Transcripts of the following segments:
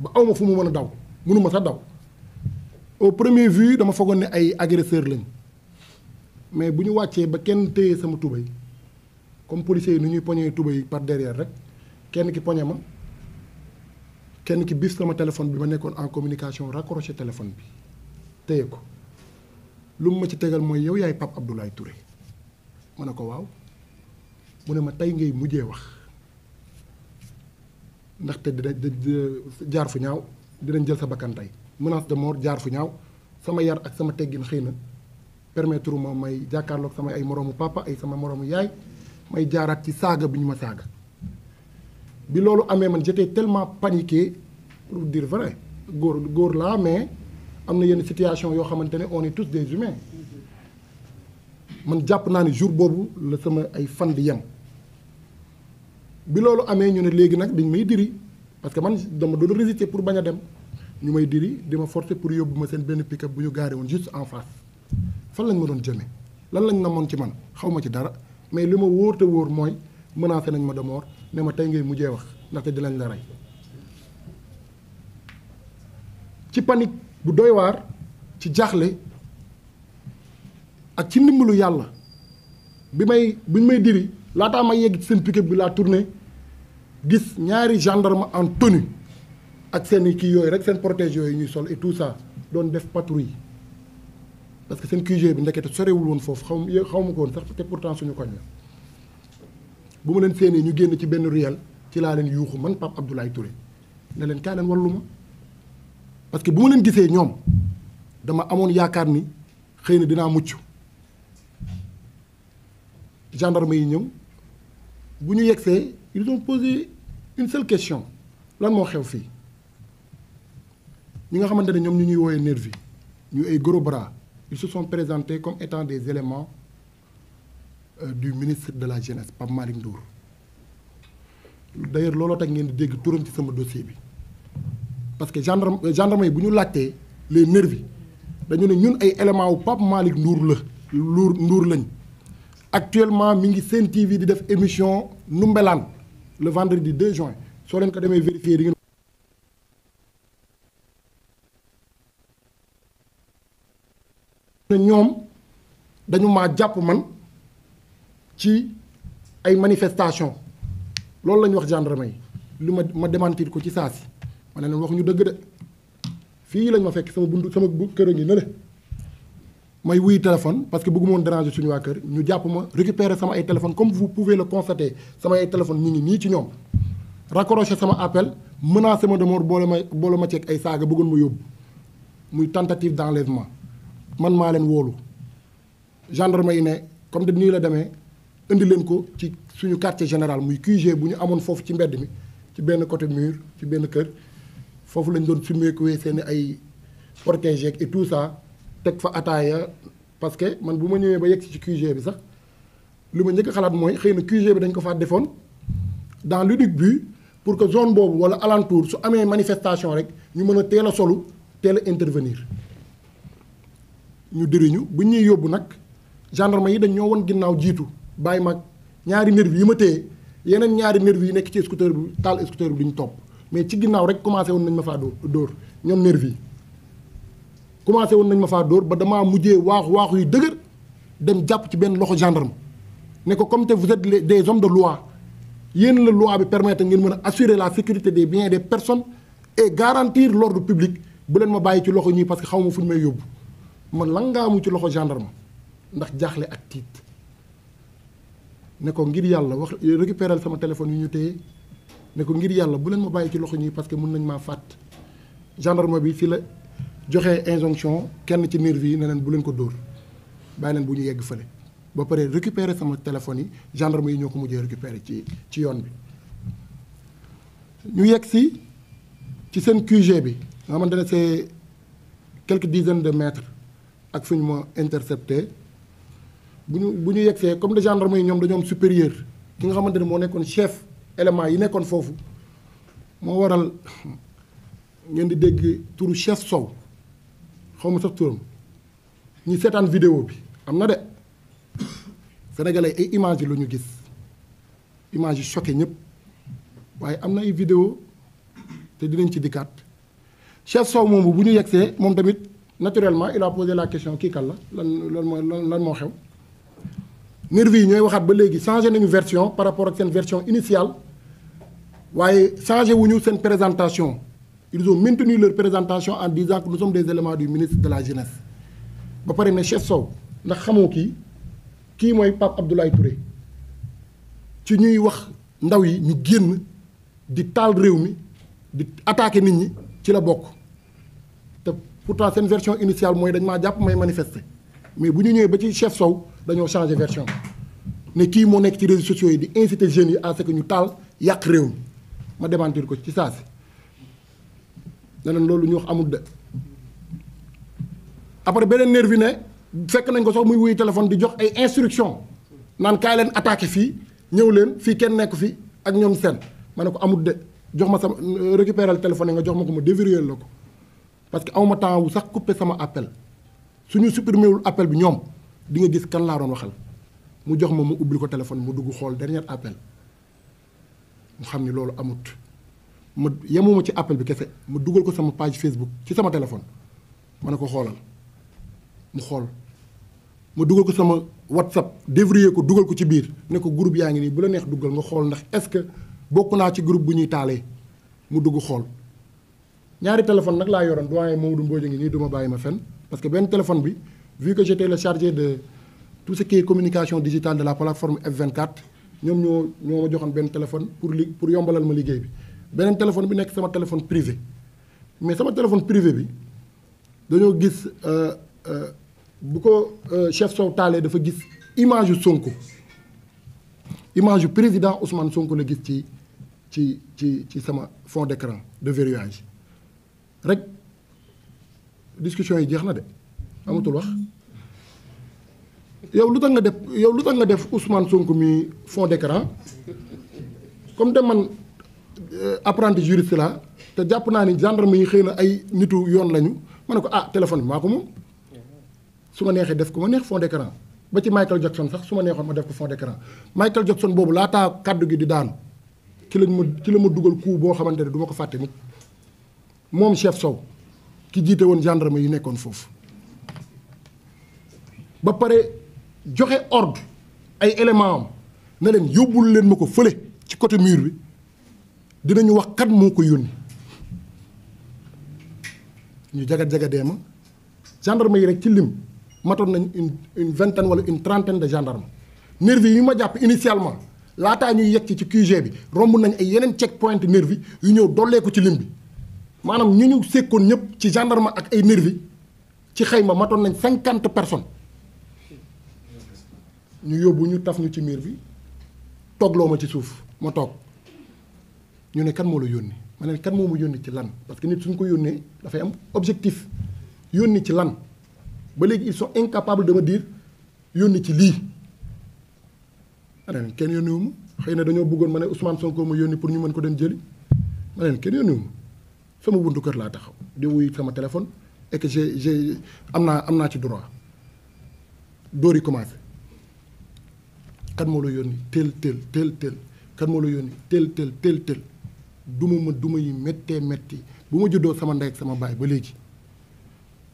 ba awma fu mu mën a daw mënuma sax daw au premier vue dama foogoon ne ay agresseur lañ mais bu ñu wàccee ba kenn téye sama tubay comme policiers yi nu ñuy poñee tubay par derrière rek kenn ki poñe ma kenn ki biif sama téléphone bi ma nekkoon en communication raccroché téléphone bi téye ko lu mu ma ci tegal mooy yow yaay Pape Abdoulaye Touré ma ne ko waaw mu ne ma tey ngay mujjee wax ndaxte dina jaar fu ñaaw dinañ jël sa bakkantey tey menace jaar fu ñaaw sama yar ak sama teggin xëy na permettre ma may jàkkaarloog sama ay moroomu papa ay sama moroomu yaay may jaaraat ci saaga bi ñu ma saaga bi loolu amee man j'étais tellement paniqué pour dire vrai góor góor laa mais am na yenn situation yoo xamante ne on est tous des humains man jàpp naa ne jour boobu la sama ay fan di yem bi loolu amee ñu ne léegi nag dañ may diri parce que man dama doon résister pour bañ a dem ñu may diri di ma forcer pour yóbbu ma seen benn pick bu ñu gaaree woon juste en face fan lañ ma doon jëmee lan lañ namoon ci man xaw ma ci dara mais li ma wóor te wóor mooy menacé nañ ma de mort ne ma tey ngay mujjee wax ndaxte dinañ la rey ci panique bu doy waar ci jaaxle ak ci ndimbalu yàlla bi may bi ñu may diri laataa ma yegg ci seen pick bi laa tourné. gis ñaari gendarme en tenue ak seen kii yooyu rek seen protège yooyu ñuy sol et tout ça doon def patrouille parce que seen QG bi ndekete sorewul woon foofu xaw ma xaw ma ko woon sax te pourtant suñu koñ la bu ma leen séenee ñu génn ci benn ruelle ci laa leen yuuxu man Pape Abdoulaye Touré ne leen kaa leen lu ma parce que bu ma leen gisee ñoom dama amoon yaakaar ni xëy na dinaa mucc gendarme yi ñëw bu ñu yegsee ils ont posé une seule question lan moo xew fii ñi nga xamante ne ñoom ñu ñuy woowee nervi ñu ay gros bras ils se sont présentés comme étant des éléments euh, du ministre de la jeunesse Pape Malick nduur d'ailleurs looloo tax ngeen di dégg turam ci sama dossier bi parce que gendarme euh, gendarme bu ñu laajtee les nervis dañu ne ñun ay éléments wu Pape Malick Ndour la Ndour Ndour lañ actuellement mi ngi Sen TV di def émission Ndoumbelane le vendredi 2 juin soo leen ko demee vérifier di ngeen ñoom dañu maa jàpp man ci ay manifestation loolu la ñu wax gendarme yi li ma ma démentir ko ci saa si ma ne leen wax ñu dëgg de fii lañ ma fekk sama buntu sama kër a ngi nële may wuy téléphone parce que bëgguma woon déranger suñu waa kër ñu jàpp ma récupérer sama ay téléphone comme vous pouvez le constater sama ay téléphone ñu ngi nii ci ñoom raccroché sama appel menacé ma de mort boole ma boole ma ceeg ay saaga bëggoon ma yóbbu muy tentative d'enlèvement man maa leen woolu ma yi ne comme de nii la demee indi leen ko ci suñu quartier général muy QG bu ñu amoon foofu ci mbedd mi ci benn côté mur ci benn kër foofu lañ doon sumeekuwee seen ay protégé et tout ça teg fa ataaya parce que man bu ma ñëwee ba yegg ci QG bi sax li ma njëkk a xalaat mooy xëy na QG bi dañ ko faa defoon dans l'unique but pour que zone boobu wala alentour su amee manifestation rek ñu mën a teel a solu teel a intervenir ñu diriñu bu ñuy yóbbu nag gendarme yi dañ ñoo woon ginnaaw jiitu bàyyi mag ñaari nervi yi ma téye yeneen ñaari nervi yi nekk ci scooter bu taal scooter bi duñ topp mais ci ginnaaw rek commencé woon nañ ma faa dóor dóor ñoom nervi commencé woon nañ ma faa dóor ba damaa mujjee waax waaxu yi dëgër dem jàpp ci benn loxo gendarme ne ko comme te vous êtes des hommes de loi yéen la loi bi permettre ngeen mën a assurer la sécurité des biens des personnes et garantir l'ordre public bu leen ma bàyyi ci loxo ñii parce que xaw ma fu ñu may yóbbu man lan ngaa mu ci loxo gendarme ndax jaaxle ak tiit ne ko ngir yàlla wax récupérer sama téléphone yu ñu téye ne ko ngir yàlla buleen ma bàyyi ci loxo ñii parce que mën nañ maa fàtt gendarme bi fi la. joxe injonction kenn ci nervi yi ne leen bu leen ko dóor bàyyi leen bu ñu yegg fële ba paree récupérer sama téléphone yi gendarme yi ñoo ko mujjee récupérer ci ci yoon bi ñu yegg si ci seen QG bi nga xamante ne c'est quelques dizaines de mètres ak fu ñu ma intercepté bu ñu bu ñu yegsee comme de gendarme yi ñoom dañoo supérieur ki nga xamante ne moo nekkoon chef élément yi nekkoon foofu moo waral ngeen di dégg tour chef Sow xaw ma sax turam ñi seetaan vidéo bi am na de sénégalais ay images yi lu ñu gis image yi choqué ñëpp waaye am na ay vidéo te dinañ ci dikkaat Cheikh Sow moom bu ñu yegsee moom tamit naturellement il a posé la question kii kan la lan lan moo lan moo xew nervi ñooy waxaat ba léegi changé nañu version par rapport ak seen version initiale waaye changé wuñu seen présentation ils ont maintenu leur présentation en disant que nous sommes des éléments du ministre de la jeunesse ba pare ne chef Sow ndax xamoo kii kii mooy par Abdoulaye Touré ci ñuy wax ndaw yi ñu génn di taal réew mi di attaquer nit ñi ci la bokk te pourtant seen version initiale mooy dañ maa jàpp may manifester mais bu ñu ñëwee ba ci chef Sow dañoo changer version ne kii moo nekk ci réseaux sociaux yi di inciter jeunes yi à ce ñu taal yàq réew mi ma démentir ko ci saa si ne leen loolu ñu wax amul de après beneen nervi ne fekk nañ ko sax muy wuyu téléphone di jox ay instruction naan kaay leen attaqué fii ñëw leen fii kenn nekk fi ak ñoom seen ma ne ko amul de jox ma sama euh, récupérer le nga jox ma ko ma déverrouiller la ko parce que amuma temps wu sax coupé sama appel suñu supprimer wul appel bi ñoom di nga gis kan laa doon waxal mu jox ma mu ubbi ko téléphone mu dugg xool dernier appel mu xam ni loolu amut ma yemuma ci appel bi kese ma dugal ko sama page Facebook ci sama téléphone ma ne ko xoolal mu xool ma dugal ko sama WhatsApp dévrier ko dugal ko ci biir ne ko groupe yaa ngi nii bu la neex dugal nga xool ndax est-ce que bokk naa ci groupe bu ñuy taalee mu dugg xool ñaari téléphone nag laa yoroon doyen Mamadou Mbodj ngi nii du ma bàyyi ma fenn parce que benn téléphone bi vu que j'étais le chargé de tout ce qui est communication digitale de la plateforme F24 ñoom ñoo ñoo ma joxoon benn téléphone pour li pour yombalal ma liggéey bi beneen téléphone bi nekk sama téléphone privé mais sama téléphone privé bi dañoo gis euh, euh, bu ko euh, chef Sow taalee dafa gis image yu Sonko image yu président Ousmane Sonko la gis ci ci ci ci sama de d'écran de verrouillage rek discussion yi jeex na de amatul wax yow lu tax nga def yow lu tax nga def Ousmane Sonko mi fond d'écran comme de man Euh, apprenti juriste la te jàpp naa ni gendarme yi xëy na ay nitu yoon lañu ma ne ko ah téléphone bi maa ko moom su ma neexee def ko ma neex fond d'écran ba ci Michael Jackson sax su ma neexoon ma def ko fond d'écran Michael Jackson boobu laataa kàddu gi di daanu ci lañ ma ci la ma dugal coup boo xamante ne du ko fàtte nit moom chef Sow ki jiite woon gendarme yi nekkoon foofu ba pare joxe ordre ay éléments am ne leen yóbbul leen ma ko fële ci côté mur bi. dinañu wax kat moo ko yónni ñu jagat jagadee ma gendarme yi rek ci lim matoon nañ une une vingtaine wala une trentaine de gendarme nervi yi ma jàpp initialement laataa ñuy yegg ci QG bi romb nañ ay yeneen check point nervi yu ñëw dolleeku ci lim bi maanaam ñu ñu sekkoon ñëpp ci gendarme ak ay nervi ci xayma matoon nañ cinquante personnes ñu yóbbu ñu taf ñu ci miir bi toogloo ma ci suuf ma toog. ñu ne kan moo la yónni ma ne kan moo ma yónni ci lan parce que nit suñ ko yónnee dafay am objectif yónni ci lan ba léegi ils sont incapables de me dire yónni ci lii ma ne leen kenn yónniwuma xëy na dañoo bëggoon ma ne Ousmane ko ma yónni pour ñu mën ko dem jëli ma ne leen kenn yónniwuma sama buntu kër laa taxaw di wuy sama téléphone et que j'ai am naa am naa ci droit dóor yi commencé kan moo la yónni tel tel tel tel kan moo la yónni tel tel tel tel duma ma duma yu méttee métti bu ma juddoo sama ndey ak sama baay ba léegi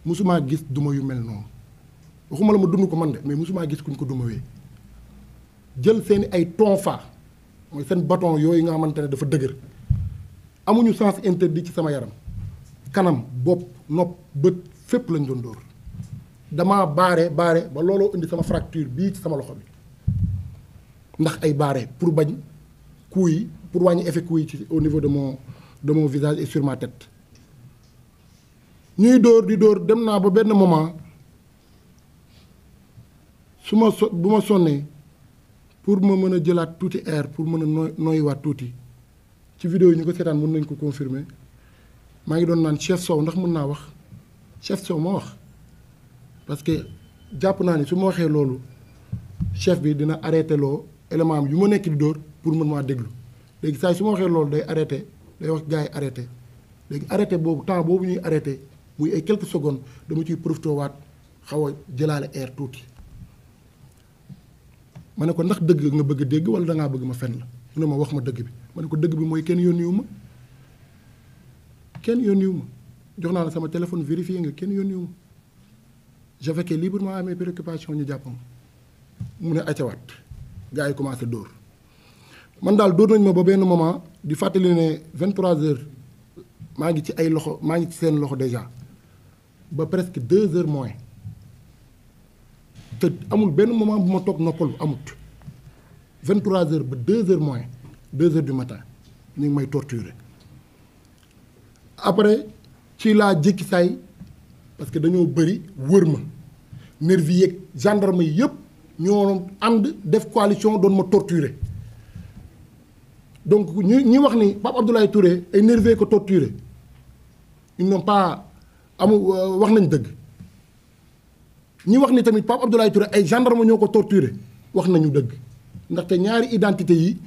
mosumaa gis duma yu mel noonu waxuma la ma dund ko man de mais mosumaa gis kuñ ko duma dumawee jël seeni ay tonfa mooy seen baton yooyu nga xamante ne dafa dëgër amuñu sens interdit ci sama yaram kanam bopp nopp bët fépp lañ doon dóor damaa baare baare ba looloo indi sama fracture bii ci sama loxo bi ndax ay baare pour bañ kuy pour wàññi effet couille ci au niveau de mon de mon visage et sur ñuy dóor di dóor dem naa ba benn moment su ma so bu ma sonnee pour ma mën a jëlaat tuuti air pour mën a nooy nooyiwaat tuuti ci video yi ñu ko seetaan mën nañ ko confirmer maa ngi doon naan chef sow ndax mën naa wax chef sow ma wax parce que jàpp naa ni su ma waxee loolu chef bi dina arrêté loo élément am yu ma nekk di dóor pour mën maa déglu léegi saa su ma waxee loolu day arrêté day wax gars yi arrêté léegi arrêté boobu temps boobu ñuy arrêté muy ay quelques secondes dama ciy profité waat xaw a jëlaale air tuuti. ma ne ko ndax dëgg nga bëgg dégg wala dangaa bëgg ma fen la mu ne ma wax ma dëgg bi ma ne ko dëgg bi mooy kenn yónniwu ma kenn yónniwu ma jox naa la sama téléphone vérifié nga kenn yónniwu ma j'avais librement amee préoccupation ñu jàppam mu ne accawaat gaa yi commencé dóor. man daal dóor nañ ma ba benn moment di fàttali ne 23h maa ngi ci ay loxo maa ngi ci seen loxo déjà ba presque 2 heures moins te amul benn moment bu ma toog noppalu amut 23h ba 2 heures moins 2 heures du matin ñu ngi may torturer après ci laa jékki saay parce que dañoo bëri wër ma nervi yeeg gendarme yi yëpp ñoo ànd def coalition doon ma torturer. donc ñu ñi wax ni Pape Abdoulaye Touré ay nerveux ko torturé ils n'ont pas amul euh, wax nañ dëgg ñi wax ni tamit Pape Abdoulaye Touré ay gendarme ñoo ko torturé wax nañu dëgg ndaxte ñaari identité yi.